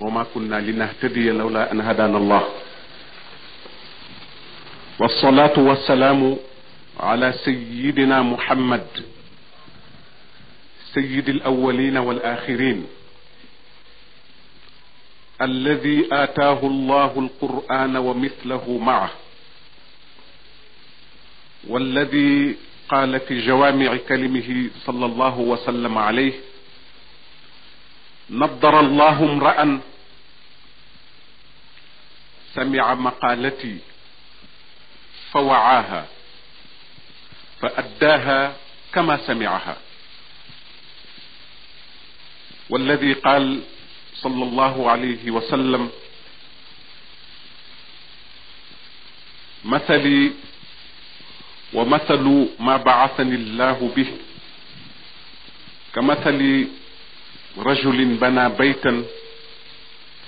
وما كنا لنهتدي لولا أن هدانا الله والصلاة والسلام على سيدنا محمد سيد الأولين والآخرين الذي آتاه الله القرآن ومثله معه والذي قال في جوامع كلمه صلى الله وسلم عليه نضر الله امرأ سمع مقالتي فوعاها فأداها كما سمعها والذي قال صلى الله عليه وسلم مثلي ومثل ما بعثني الله به كمثل رجل بنى بيتا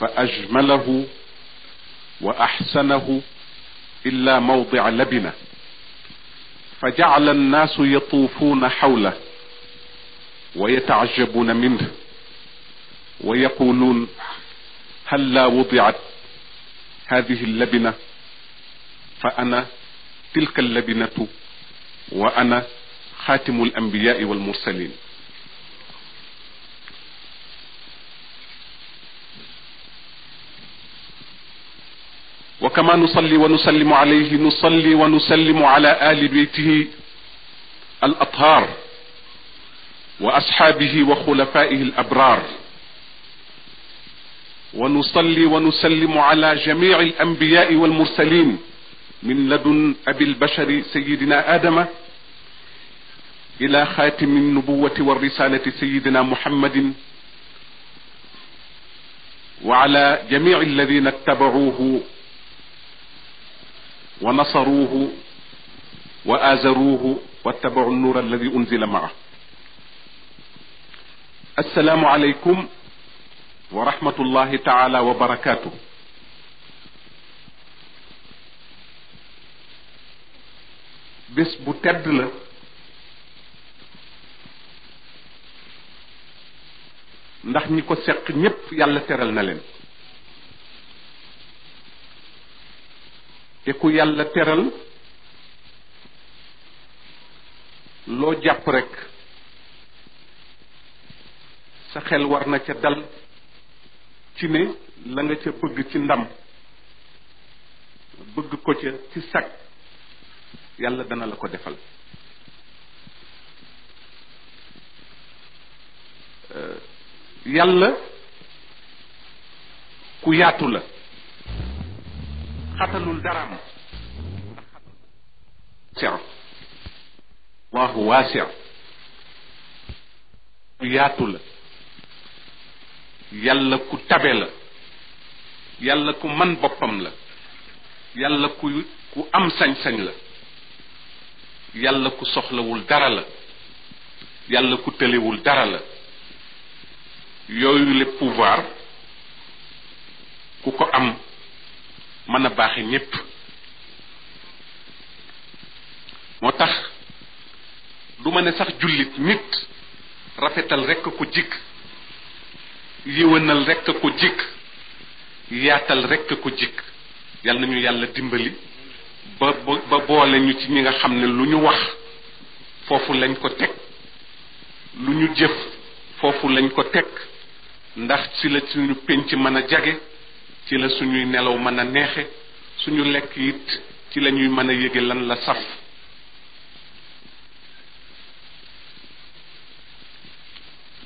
فاجمله واحسنه الا موضع لبنه فجعل الناس يطوفون حوله ويتعجبون منه ويقولون هلا لا وضعت هذه اللبنه فانا تلك اللبنه وانا خاتم الانبياء والمرسلين وكما نصلي ونسلم عليه نصلي ونسلم على آل بيته الأطهار وأصحابه وخلفائه الأبرار ونصلي ونسلم على جميع الأنبياء والمرسلين من لدن أبي البشر سيدنا آدم إلى خاتم النبوة والرسالة سيدنا محمد وعلى جميع الذين اتبعوه ونصروه وآزروه واتبعوا النور الذي أنزل معه السلام عليكم ورحمة الله تعالى وبركاته بس بتدل نحن la ndax ñi ko seq te ku yàlla teral loo jàpp rekk sa xel war na ca dal ci ne la nga ca bëgg ci ndam bëgg ko ca ci sag yàlla dana la ko defal euh, yàlla ku yaatu la xatalul daraam sew waaxu waa ku yaatu la yàlla ku tabe la yàlla ku man boppam la yàlla ku ku am sañ-sañ la yàlla ku soxlawul dara la yàlla ku tëlewul dara la yooyu le pouvoir ku ko am mën a baaxe ñépp moo tax du ma ne sax jullit nit rafetal rekk ko jikk yéwénal rekk a ko jikk yaatal rekk ko jikk yal nañu yàlla dimbali ba ba boole ñu ci ñi nga xam ne lu ñu wax foofu lañ ko teg lu ñu jëf foofu lañ ko teg ndax ci la suñu penc mën a jage ci la suñuy nelaw mën a neexe suñu lekk it ci la ñuy mën a yëge lan la saf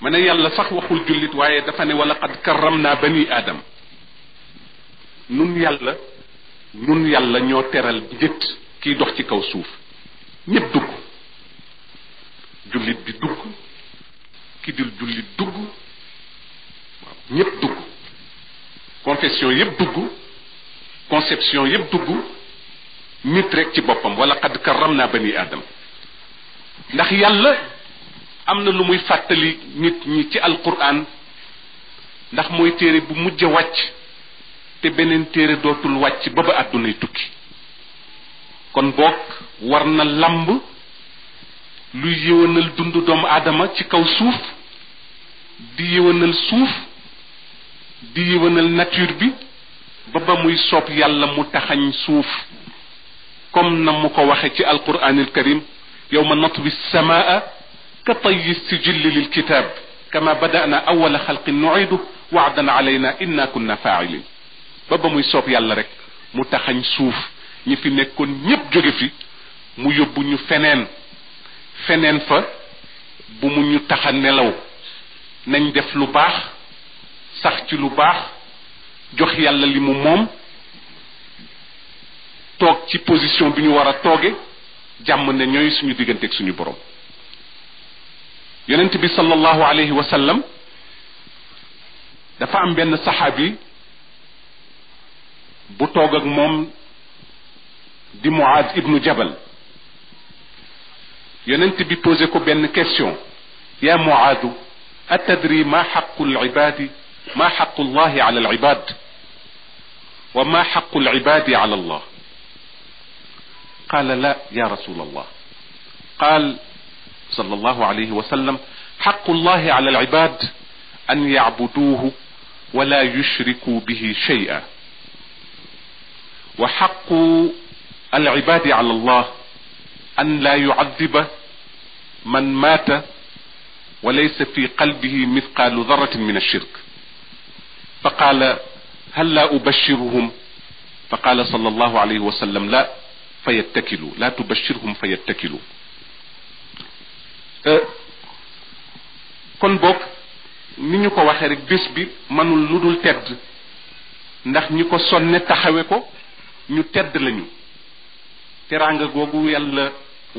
ma ne yàlla sax waxul jullit waaye dafa ne wala qad karram bani aadam nun yàlla nun yàlla ñoo teral nit kiy dox ci kaw suuf ñëpp dugg jullit bi dugg ki dul jullit dugg waaw ñëpp dugg confession yëpp dugg conception yëpp dugg nit rek ci boppam wala xadd karam naa bani aadam ndax yàlla am na lu muy fàttali nit ñi ci alquran ndax mooy téere bu mujj a wàcc te beneen téere dootul wàcc ba ba àddunay tukki kon boog war na làmb luy yëwanal dundu doomu aadama ci kaw suuf di yëwanal suuf di yëwanal nature bi ba ba muy soob yàlla mu taxañ suuf comme na mu ko waxe ci alquran alkarim yowma natwi samaa ka tayyi sijilli lilkitab kama badana awala xalqin nuidu waadan alayna inna kunna faailin ba ba muy soob yàlla rek mu taxañ suuf ñi fi nekkoon ñépp jóge fi mu yóbbu ñu feneen feneen fa bu mu ñu taxa nelaw nañ def lu baax sax ci lu baax jox yàlla li mu moom toog ci position bi ñu war a tooge jàmm ne ñooy suñu digganteeg suñu borom yonent bi sallallahu alayhi wa sallam dafa am benn saxaabi bu toog ak moom di muaz ibnu jabal yonent bi posé ko benn question ya muaadu atadri ma xaqu lcibaadi ما حق الله على العباد وما حق العباد على الله قال لا يا رسول الله قال صلى الله عليه وسلم حق الله على العباد ان يعبدوه ولا يشركوا به شيئا وحق العباد على الله ان لا يعذب من مات وليس في قلبه مثقال ذره من الشرك فقال هل لا أبشرهم فقال صلى الله عليه وسلم لا فيتكلوا لا تبشرهم فيتكلوا kon boog ni ñu ko waxee rek bés bi manul lu dul tedd ndax ñi ko sonne taxawe ko ñu tedd lañu teraanga googu yàlla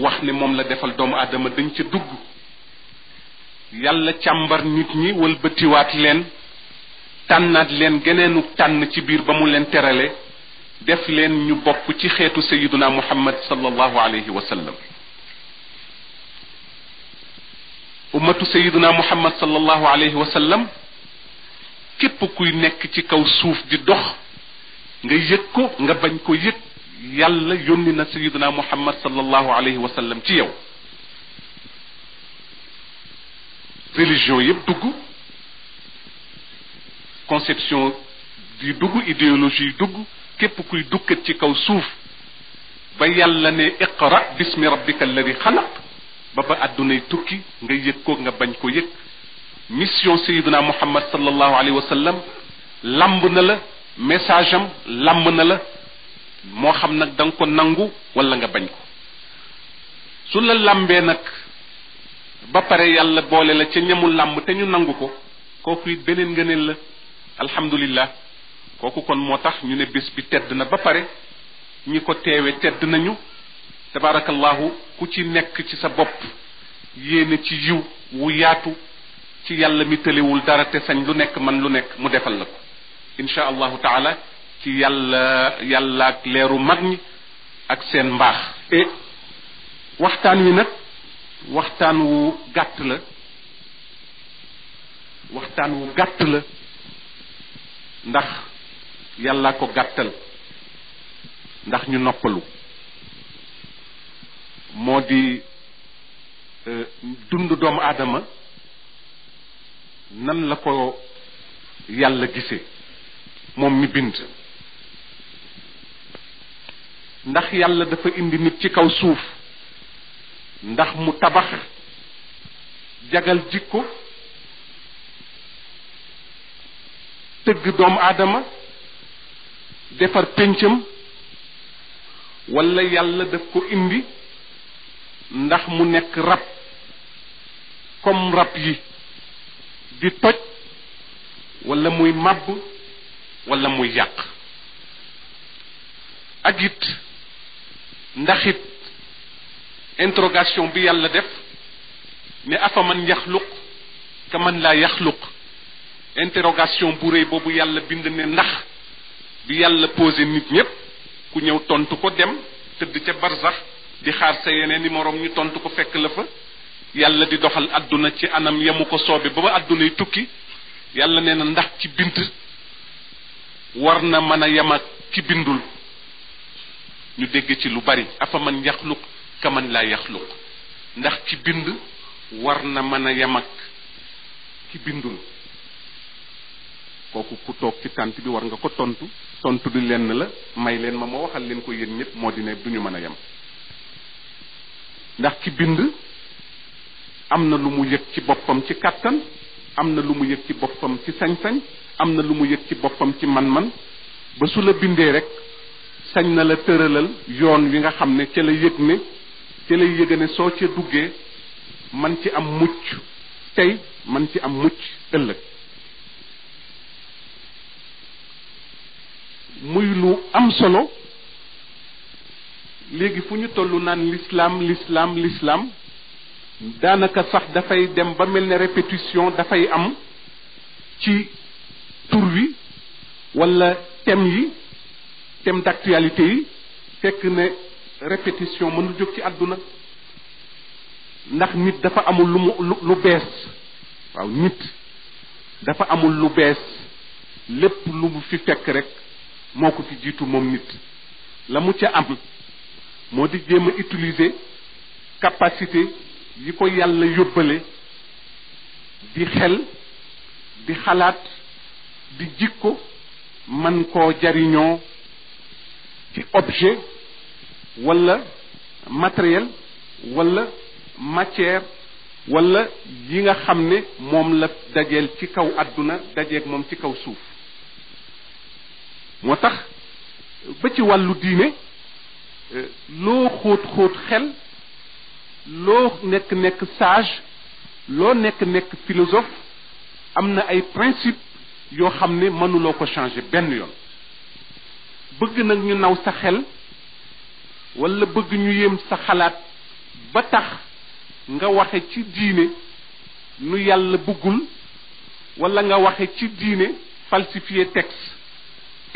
wax ne moom la defal doomu aadama dañ ca dugg yàlla càmbar nit ñi wëlbatiwaat leen tànnaat leen geneenu tànn ci biir ba mu leen terale def leen ñu bokk ci xeetu sayiduna muhammad sallallahu alayhi wa sallam ummatu sayiduna muhammad sallallahu alayhi wa sallam képp kuy nekk ci kaw suuf di dox nga yëg ko nga bañ ko yëg yàlla yónni na sayiduna muhammad sallallahu alayhi wa sallam ci yow religion yëpp dugg conception di dugg idéologie dugg képp kuy dukkat ci kaw suuf ba yàlla ne iqra bismi rabbika alladi xalaq ba ba yi tukki nga yëg ko nga bañ ko yëg mission sayiduna muhammad sallallahu alayhi wa sallam na la message am lamb na la moo xam nag danga ko nangu walla nga bañ ko su la lambee nag ba pare yàlla boole la ca ñamu làmb te ñu nangu ko kooku it beneen ngëneel la alhamdulillah kooku kon moo tax ñu ne bés bi tedd na ba pare ñi ko teewe tedd nañu tabaarakallahu ku ci nekk ci sa bopp yéene ci yiw wu yaatu ci yàlla mi tëlewul dara te sañ lu nekk man lu nekk mu defal la ko insha allahu taala ci yàlla yàlla leeru mag ñi ak seen mbaax e waxtaan wi nag waxtaan wu gàtt la waxtaan wu gàtt la ndax yàlla ko gàttal ndax ñu noppalu moo di e, dund doomu aadama nan la ko yàlla gisee moom mi bind ndax yàlla dafa indi nit ci kaw suuf ndax mu tabax jagal jikko tëgg doomu aadama defar péncam wala yàlla def ko indi ndax mu nekk rab comme rab yi di toj wala muy màbb wala muy yàq ak it ndax it interrogation bi yàlla def ne afa man yaxluq ka man laa yaxluq interrogation bu rëy boobu yàlla bind ne ndax bi yàlla posé nit ñépp ku ñëw tontu ko dem tëdd ca barsax di xaar sa yeneen i moroom ñu tontu ko fekk la fa yàlla di doxal àdduna ci anam yamu ko soobe ba ba àddunay tukki yàlla nee na ndax ci bind war na mën a yem ak bindul ñu dégg ci lu bari man yaxluq ka man laa yaxluq ndax ci bind war na mën a yem ak ki bindul kooku ku toog ci tànt bi war nga ko tontu tontu du lenn la may leen ma ma waxal leen ko yéen ñëpp moo di ne du ñu mën a yem ndax ki bind am na lu mu yëg ci boppam ci kàttan am na lu mu yëg ci boppam ci sañ-sañ am na lu mu yëg ci boppam ci man-man ba su bindee rek sañ na la tëralal yoon wi nga xam ne ca la yëg ne ca lay yëga ne soo ca duggee man ci am mucc tey man ci am mucc ëllëg mou yilou amsono, legi foun yu tolounan l'islam, l'islam, l'islam, dana ka sak da fay dem bamel ne repetisyon da fay am, ki turvi, wi wala tem ji, tem dak trialiteyi, kek ne repetisyon mounou djok ki adouna. Nak mit da fay amou loupes, ou mit, da fay amou loupes, lep loupou fitek rek, moo ko ci la mu utiliser capacité yi ko yàlla yóbbale di xel di xalaat di jikko man koo jariñoo ci objet wala matériel wala matière wala yi nga xam ne la dajeel ci moo tax ba wàllu diine euh, loo xóot xóot xel loo nekk nekk sage loo nekk nekk philosophe am na ay principe yoo xam ne mënuloo ko changer benn yoon bëgg nag ñu naw sa xel walla bëgg ñu yéem sa xalaat ba tax nga waxe ci diine nu yàlla bëggul walla nga waxe ci diine falsifier texte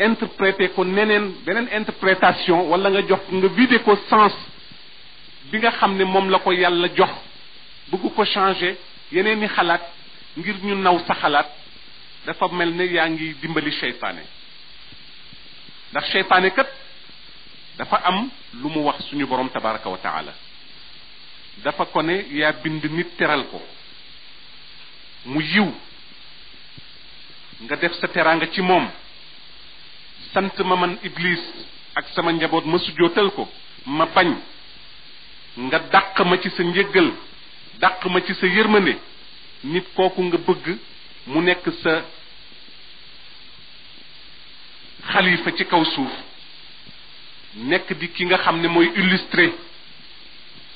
interprété ko neneen beneen interprétation wala nga jox nga vidé ko sens bi nga xam ne moom la ko yàlla jox bëgg ko changé yeneen i xalaat ngir ñu naw sa xalaat dafa mel ne yaa ngi dimbali seytaane ndax seytaane kat dafa am lu mu wax suñu borom tabaraka wa taala dafa ko ne yaa bind nit teral ko mu yiw nga def sa teraanga ci moom sant ma man iblis ak sama njaboot ma sujjootal ko ma bañ nga dàq ma ci sa njëggal dàq ma ci sa yërmande nit kooku nga bëgg mu nekk sa xalifa ci kaw suuf nekk di ki nga xam ne mooy illustré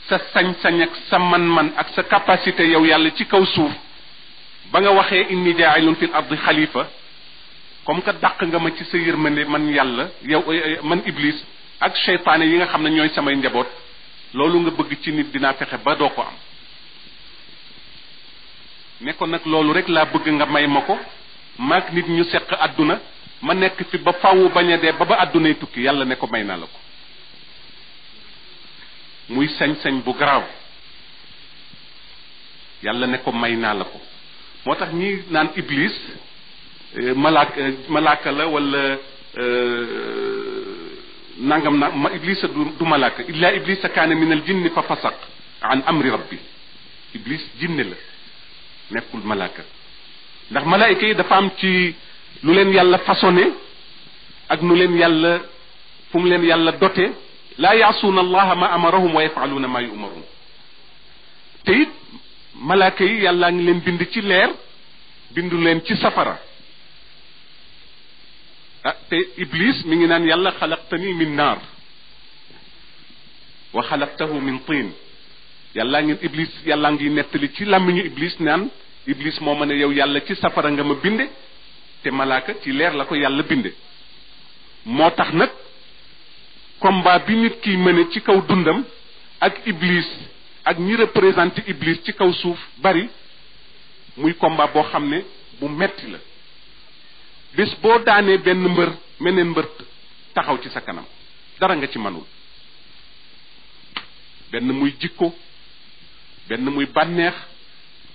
sa sañ-sañ ak sa man-man ak sa capacité yow yàlla ci kaw suuf ba nga waxee inni jaa'ilun fil ardi xalifa comme que dàq nga ma ci sa yërmande man yàlla yow man iblis ak seytaane yi nga xam ne ñooy samay njaboot loolu nga bëgg ci nit dinaa fexe ba doo ko am ne ko nag loolu rek laa bëgg nga may ma ko maag nit ñu seq àdduna ma nekk fi ba fàwwu bañ a dee ba ba àddunay tukki yàlla ne ko may naa la ko muy sañ-sañ bu garaaw yàlla ne ko may naa la ko moo tax ñi naan iblis Euh, malaak euh, malaaka la wala euh, nangam na ma iblisa du du malaaka illa iblisa kaana min al jinni fa fasaq an amri rabbi iblis jinne la nekkul malaaka ndax malaayka yi dafa am ci lu leen yàlla façonné ak nu leen yàlla fu mu leen yàlla doté laa yaasuuna allaha ma amarahum wa yafaluuna ma yumaruun te it malaaka yi yàllaa ngi leen bind ci leer bindu leen ci safara ah te iblis mi ngi naan yàlla xalaqtani min naar wa xalaqtahu min tiin yàllaa ngeen iblis yàllaa ngi nettali ci làmmiñu iblis naan iblis moo ma ne yow yàlla ci safara nga ma binde te malaaka ci leer la ko yàlla binde moo tax nag combat bi nit kiy mëne ci kaw dundam ak iblis ak ñi représenté iblis ci kaw suuf bari muy combat boo xam ne bu metti la bis boo daanee benn mbër meneen mbër taxaw ci sa kanam dara nga ci manul benn muy jikko benn muy bànneex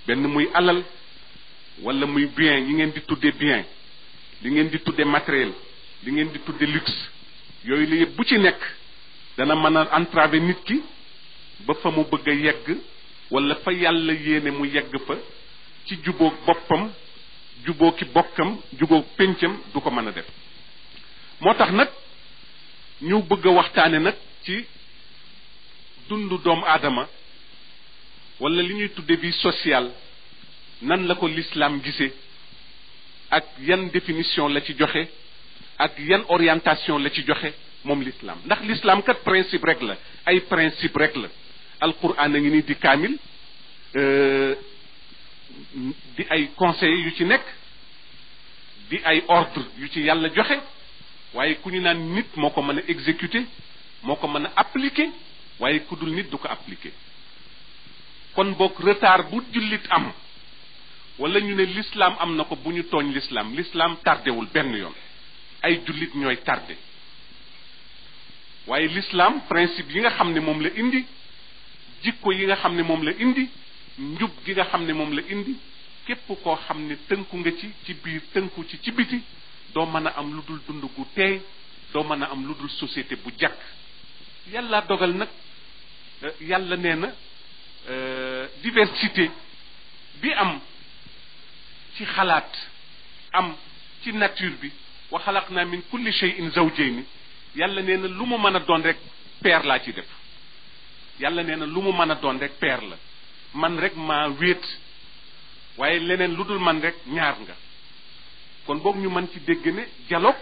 benn muy alal wala muy bien yi ngeen di tudde bien li ngeen di tudde matériel li ngeen di tudde luxe yooyu la yëpp bu ci nekk dana mën a entraver nit ki ba fa mu bëgg a yegg walla fa yàlla yéene mu yegg fa ci jubóog boppam juboo ki bokkam juboo péncam du ko mën a def moo tax nag ñu bëgg a waxtaane nag ci dundu doomu aadama wala li ñuy tudde bi social nan la ko l'islam gisee ak yan définition la ci joxe ak yan orientation la ci joxe moom l'islam ndax l'islam kat principe rek la ay principe rek la alquran a ngi ni di kaamil euh, di ay conseil yu ci nekk di ay ordre yu ci yàlla joxe waaye ku ñu naan nit moo ko mën a exécuter moo ko mën a appliquer waaye ku dul nit du ko appliquer kon boog retard bu jullit am wala ñu ne l'islam am na ko bu ñu tooñ l'islam l'islam tardewul benn yoon ay jullit ñooy tardé waaye l'islam principe yi nga xam ne moom la indi jikko yi nga xam ne moom la indi njub gi nga xam ne moom la indi képp koo xam ne tënku nga ci ci biir tënku ci ci biti doo mën a am lu dul dund gu teey doo mën a am lu dul société bu jàkk yàlla dogal nag euh, yàlla nee na euh, diversité bi am ci xalaat am ci nature bi wa xalaq naa min kulli shay'in zawjayni yàlla nee na lu mu mën a doon rek paire laa ci def yàlla nee na lu mu mën a doon rek paire la man rekk ma wéet waaye leneen lu dul man rekk ñaar nga kon boog ñu mën ci dégg ne dialogue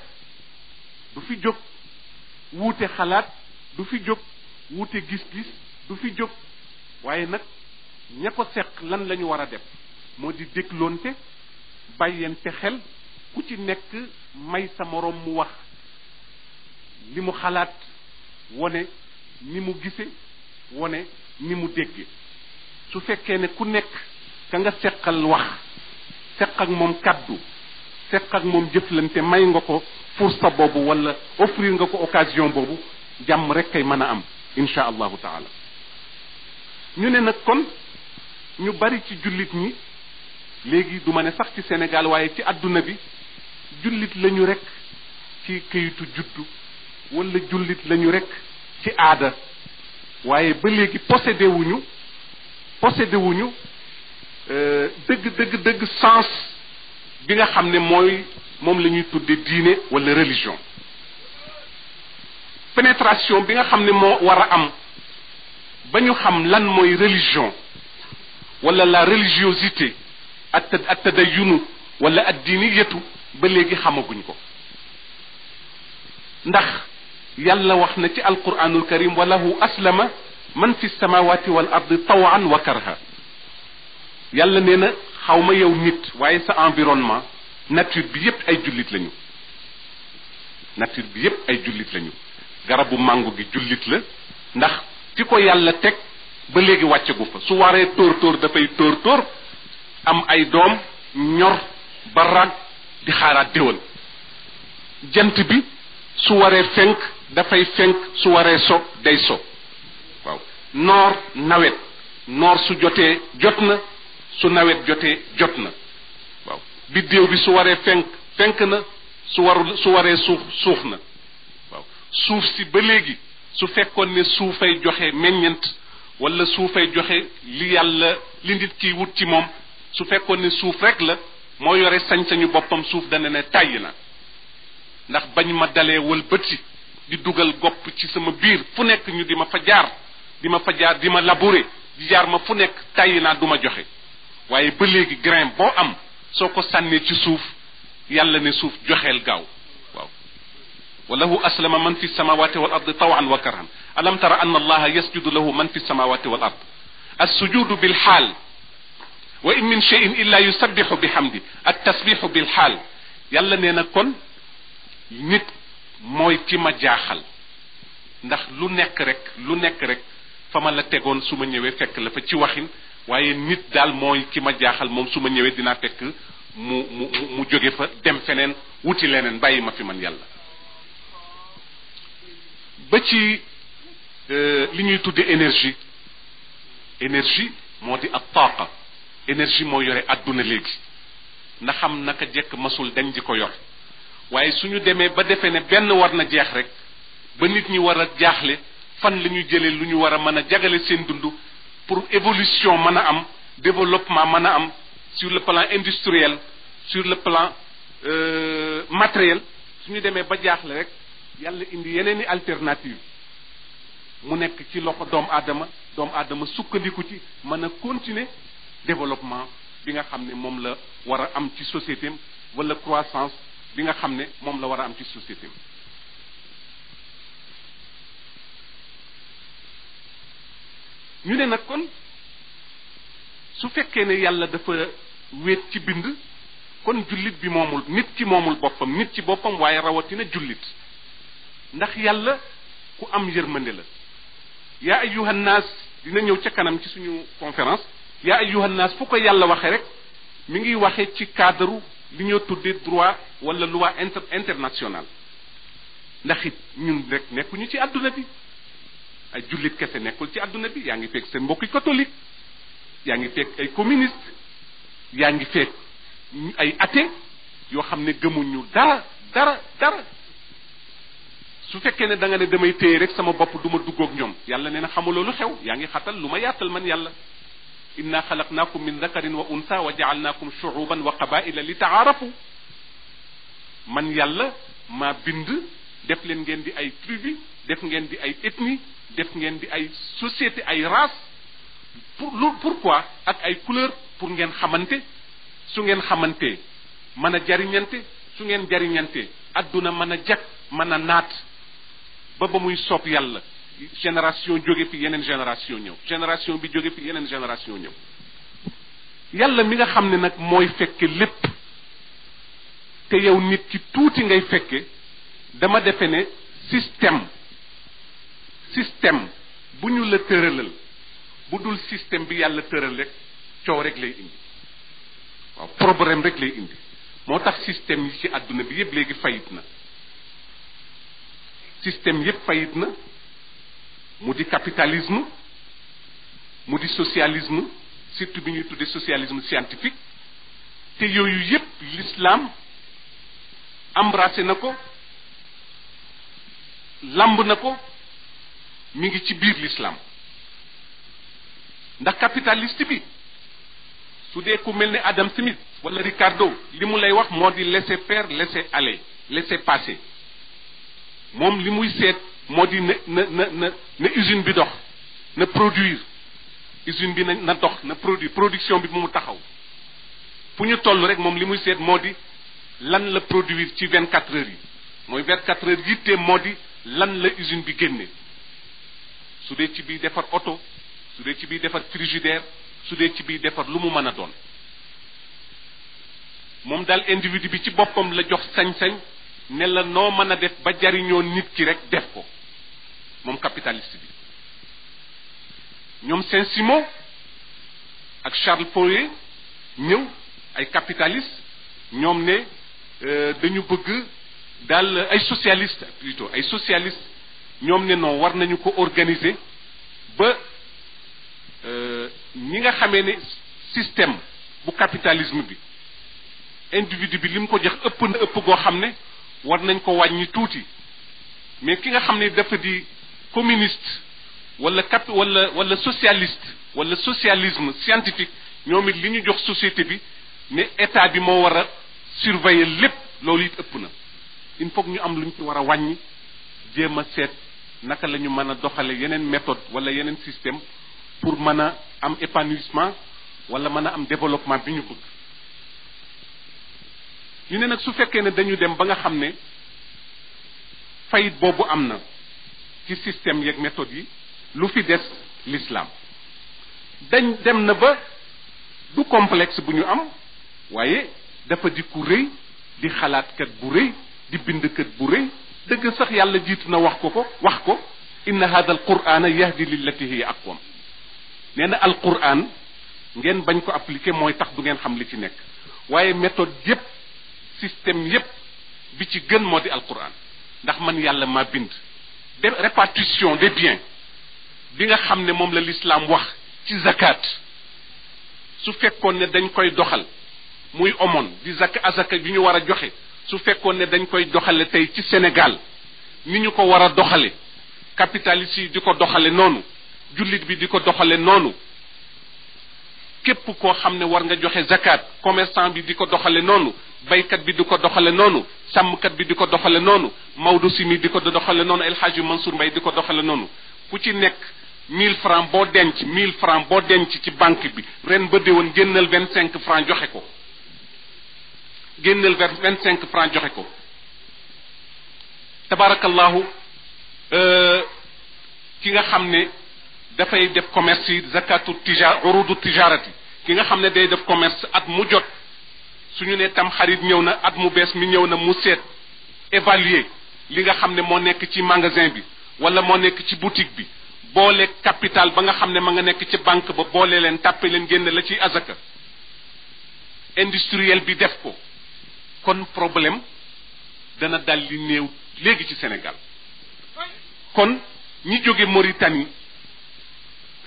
du fi jóg wuute xalaat du fi jóg wuute gis-gis du fi jóg waaye nag ña ko seq lan lañu ñu war a def moo di dégloonte bàyyente xel ku ci nekk may sa moroom mu wax li mu xalaat wone ni mu gise wone ni mu dégge su fekkee ne ku nekk ka nga seqal wax seq ak moom kàddu seq ak moom jëflante may nga ko fursa boobu walla offrir nga ko occasion boobu jàmm rek kay mën a am insha allahu taala ñu ne nag kon ñu bari ci jullit ñi léegi du ma ne sax ci Sénégal waaye ci àdduna bi jullit lañu rekk ci këyitu juddu walla jullit lañu rek ci aada waaye ba léegi possédé possédé wuñu euh, dëgg dëgg dëgg sens bi nga xam ne mooy moom la ñuy tudde diine walla religion pénétration bi nga xam ne moo war a am ba ñu xam lan mooy religion wala la religiosité at at tadayunu wala ad diiniyatu ba léegi xamaguñ ko ndax yàlla wax na ci alquranul karim walahu aslama man fi samawati wal ardi tawan wa karha yàlla nee na xaw ma yow nit waaye sa environnement nature bi yépp ay jullit lañu nature bi yépp ay jullit lañu garabu màngo gi jullit la ndax fi ko yàlla teg ba léegi wàccagu fa su waree tóor tóor dafay tóor tóor am ay doom ñor ba rag di xaaraat déwén jant bi su waree fenk dafay fenk su waree so day so noor nawet noor su jotee jot na su nawet jotee jot na waaw biddéew bi su waree fenk fenk na su warul su waree suuf suuf na suuf si ba léegi su fekkoon ne suufay joxe meññent wala suufay joxe li yàlla li nit kiy wut ci moom su fekkoon ne suuf rekk la moo yore sañ-sañu boppam suuf dana ne tàyyi na ndax bañ ma dalee wëlbati di dugal gopp ci sama biir fu nekk ñu di ma fa jaar di ma fa jaar di ma labourer di jaar ma fu nekk tàyyi naa du ma joxe waaye ba léegi grain boo am soo ko sànnee ci suuf yàlla ne suuf joxeel gaaw waaw walahu aslama man fi samawati wal ard tawan wa karhan alam tara an allaha yasjudu lahu man fi samawati wal ard wa السجود بالحال وإن من شيء إلا يسبح بحمده yàlla بالحال يلا kon nit نيت موي ma جاخال ndax lu nekk rek lu nekk rek fa ma la tegoon su ma ñëwee fekk la fa ci waxin waaye nit daal mooy ki ma jaaxal moom su ma ñëwee dinaa fekk mu mu mu jóge fa dem feneen wuti leneen bàyyi ma fi man yàlla ba ci euh, li ñuy tudde énergie énergie moo di ab taaqa énergie moo yore àdduna léegi na xam a jekk masul dañ di ko yor waaye suñu demee ba defee ne benn war na jeex rek ba nit ñi war a jaaxle fan la ñu luñu wara mëna jagalé seen dundu pour évolution mëna am développement mëna am sur le plan industriel sur le plan euh, matériel suñu démé ba jaaxle rek yalla indi yeneen alternative mu nekk ci loxo doomu adama doomu adama sukkandiku ci mën a continuer développement bi nga xam ne moom la war a am ci société wala croissance bi nga xam ne moom la war a am ci société ñu ne nag kon su fekkee ne yàlla dafa wéet ci bind kon jullit bi moomul nit ki moomul boppam nit ci boppam waaye rawatina jullit ndax yàlla ku am yërmande la yaa ay naas dina ñëw ca kanam ci suñu conférence yaa ayyuhan naas fu ko yàlla waxee rek mu ngi waxe ci cadre li ñoo tuddee droit wala loi inter internationale ndax ñun rek nekkuñu ci àdduna bi ay jullit kese nekkul ci àdduna bi yaa ngi fekk sa mbokki katolik yaa ngi fekk ay communiste yaa ngi fekk ay athée yoo xam ne gëmuñu dara dara dara su fekkee ne danga nga ne damay téye rek sama bopp du ma duggoog ñoom yàlla nee na xamuloo lu xew yaa ngi xatal lu ma yaatal man yàlla inna xalaqnaakum min dakarin wa unsa wa jaalnaakum shuuban wa qabaila li taarafu man yàlla ma bind def leen ngeen di ay tribu def ngeen di ay ethnie def ngeen di ay société ay race pour lu pourquoi ak ay couleur pour ngeen xamante su ngeen xamante mën a jariñante su ngeen jariñante adduna mën a jag mën a naat ba ba muy soob yàlla génération jóge fi yeneen génération ñëw génération bi jóge fi yeneen génération ñëw yàlla mi nga xam ne nag mooy fekke lépp te yow nit ci tuuti ngay fekke dama defe ne système système bu ñu la tëralal bu dul système bi yàlla tëral rek coow rek lay indi waaw problème rek lay indi moo tax système yi ci àdduna bi yépp léegi fayit na système yépp fayit na mu di capitalisme mu di socialisme surtout bi ñuy tuddee socialisme scientifique te yooyu yépp l'islam embrassé na ko làmb na ko mi ngi ci biir l'islam ndax capitaliste bi su dee ku mel ni Adam Smith wala Ricardo li mu lay wax moo di laisser per laisser aller laisser passer moom li muy seet moo di na na na na usine bi dox na produire usine bi na na dox na produire production bi mu taxaw fu ñu toll rek moom li muy seet moo di lan la produire ci vingt quatre heures yi mooy vingt quatre heures yitte moo di lan la usine bi génnee su dee ci biy defar oto su dee ci biy defar frigidaire su dee ci biy defar lu mu mën a doon moom daal individu bi ci boppam la jox sañ-sañ ne la noo mën a def ba jariñoo nit ki rek def ko moom capitaliste bi ñoom Saint-Simon ak Charles Fourier ñëw ay capitaliste ñoom ne euh, dañu bëgg daal ay socialiste plutôt ay socialiste ñoom ne non war nañu ko organiser ba euh, ñi nga xamee ne système bu capitalisme bi individu bi li mu ko jox ëpp na ëpp goo xam ne war nañ ko wàññi tuuti mais ki nga xam ne dafa di communiste wala cap wala wala socialiste wala socialisme scientifique ñoom it li ñu jox société bi ne état bi moo war a surveiller lépp loolu it ëpp na il faut ñu am lu ñu ci war a wàññi jéem a seet naka la ñu mën a doxale yeneen méthode wala yeneen système pour mën a am épanouissement wala mën a am développement bi ñu bëgg ñu ne nag su fekkee ne dañu dem ba nga xam ne fayit boobu am na ci système yeeg méthode yi lu fi des l'islam dañ dem na ba du complexe bu ñu am waaye dafa di ku rëy di xalaatkat bu rëy di bindkat bu rëy dëgg sax yàlla jiitu na wax ko ko wax ko inna hada al qurana yahdi lillati hiya aqwam nee na al quran ngeen bañ ko appliquer mooy tax du ngeen xam li ci nekk waaye méthode yépp système yépp bi ci gën moo di al quran ndax man yàlla maa bind de répartition des biens bi nga xam ne moom la lislaam wax ci zakat su fekkoon ne dañ koy doxal muy omoon di zak azaka bi ñu war a joxe su fekkoon ne dañ koy doxale tey ci Sénégal ni ñu ko war a doxale capitaliste yi di ko doxale noonu jullit bi di ko doxale noonu képp koo xam ne war nga joxe zakat commerçant bi di ko doxale noonu baykat bi di ko doxale noonu sàmmkat bi di ko doxale noonu Maodo Sy mi di ko doxale noonu El Hadji Mansour Mbaye di ko doxale noonu ku ci nekk mille francs boo denc mille francs boo denc ci banque bi ren ba woon génnal vingt cinq francs joxe ko génneel vers vingt cinq franc joxe ko tabarakallahu euh, ki nga xam ne dafay def commerce yi zakatu tija urudu tijarati ki nga xam ne day def commerce at mu jot suñu nee tam xarit ñëw na at mu bees mi ñëw na mu seet évaluer li nga xam ne moo nekk ci magasin bi wala moo nekk ci boutique bi boole capital ba nga xam ne ma nga nekk ci banque ba boole leen tàppe leen génne la ci azaka industriel bi def ko kon problème dana dal di néew léegi ci Sénégal kon ñi jóge Mauritanie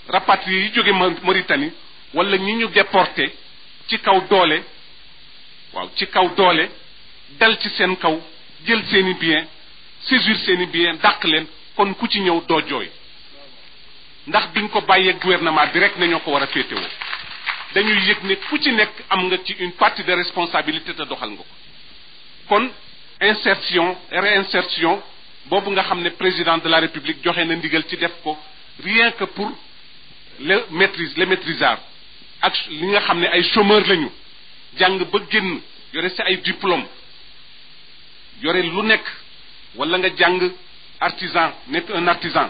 rapatriés yi jóge Mauritanie wala ñi ñu déporté ci kaw doole waaw ci kaw doole dal ci seen kaw jël seeni bien saisir seeni bien dàq leen kon ku ci ñëw doo jooy ndax duñ ko bàyyee gouvernement bi rek nañoo ko war a féetewoo dañuy yëg ni ku ci nekk am nga ci une partie de responsabilité te doxal nga ko kon insertion réinsertion boobu nga xam ne président de la république joxe na ndigal ci def ko rien que pour le maîtrise le maîtriser, ak li nga xam ne ay chômeurs lañu jàng ba génn yore si ay diplôme yore lu nekk wala nga jàng artisan nekk un artisan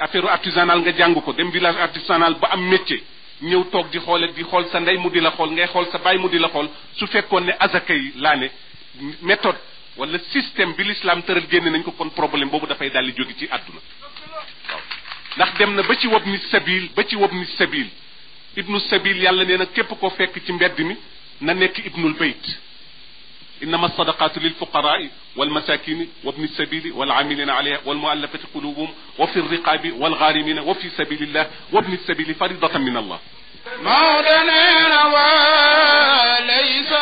affaire artisanal nga jàng ko dem village artisanal ba am métier ñëw toog di xoole di xool sa ndey mu di la xool ngay xool sa baay mu di la xool su fekkoon ne azaka yi laa ne méthode wala système bi l'islam tëral génne nañ ko kon problème boobu dafay daal di jogi ci aduna ndax dem na ba ci wab ni sabil ba ci wab ni sabil ibnu sabil yàlla nee na képp koo fekk ci mbedd mi na nekk ibnul bayt إنما الصدقات للفقراء والمساكين وابن السبيل والعاملين عليها والمؤلفة قلوبهم وفي الرقاب والغارمين وفي سبيل الله وابن السبيل فريضة من الله مولانا نوى ليس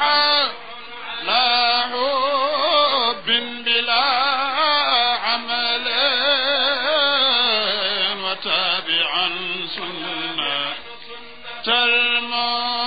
على حب بلا وتابعا سنة الموت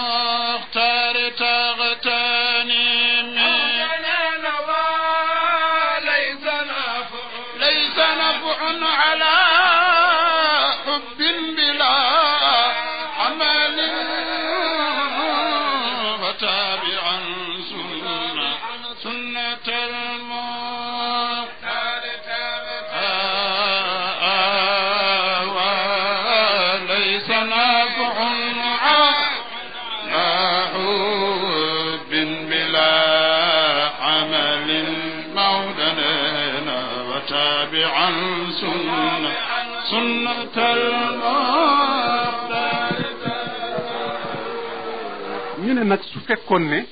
loolu nag su fekkoon ne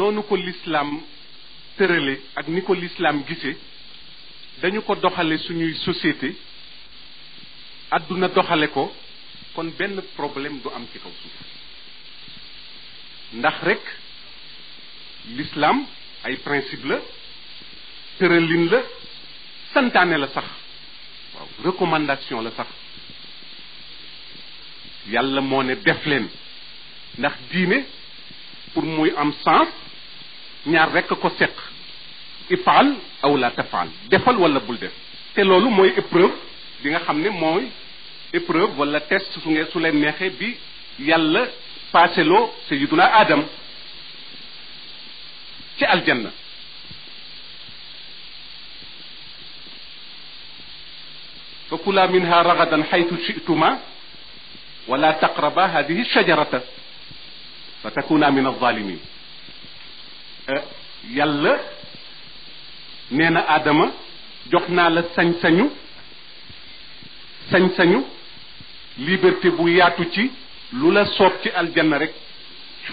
euh, ko lislaam tërale ak ni ko lislaam dañu ko société àdduna doxale ko kon benn problème du am ci kaw ndax rek ay principe la la la recommandation la sax ndax diine pour muy am sens ñaar rek ko seq ifaal aw la tafaal defal wala bul def te loolu mooy épreuve bi nga xam ne mooy épreuve wala test su ngeen su leen neexee bi yàlla passé paaseloo sayiduna aadam ci aljanna فكلا منها رغدا حيث شئتما ولا تقربا هذه الشجرة fa takuna min alzalimin euh, yàlla nee na aadama jox naa la sañ-sañu sañ-sañu liberté bu yaatu ci lu la soob ci aljanna rek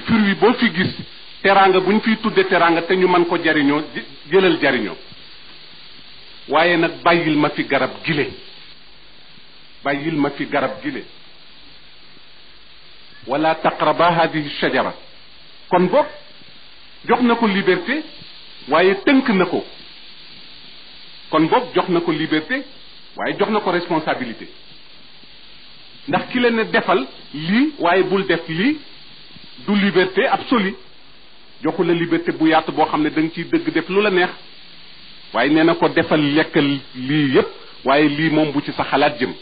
fruit boo fi gis teraanga bu ñu fiy tudde teraanga te ñu mën ko jariñoo jëlal jariñoo waaye nag bàyyil ma fi garab gile bàyyil ma fi garab gile wala taqraba hadihi shajara kon boog jox na ko liberté waaye tënk na ko kon boog jox na ko liberté waaye jox na ko responsabilité ndax ki la ne defal lii waaye bul def lii du liberté absolue joxu la liberté bu yaatu boo xam ne da ciy dëgg def lu la neex waaye nee na ko defal lekkal lii yépp waaye lii moom bu ci sa xalaat jëm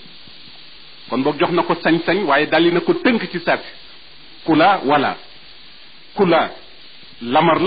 kon boog jox na ko sañ-sañ waaye dalli na ko tënk ci sàcc kula wala kula lamar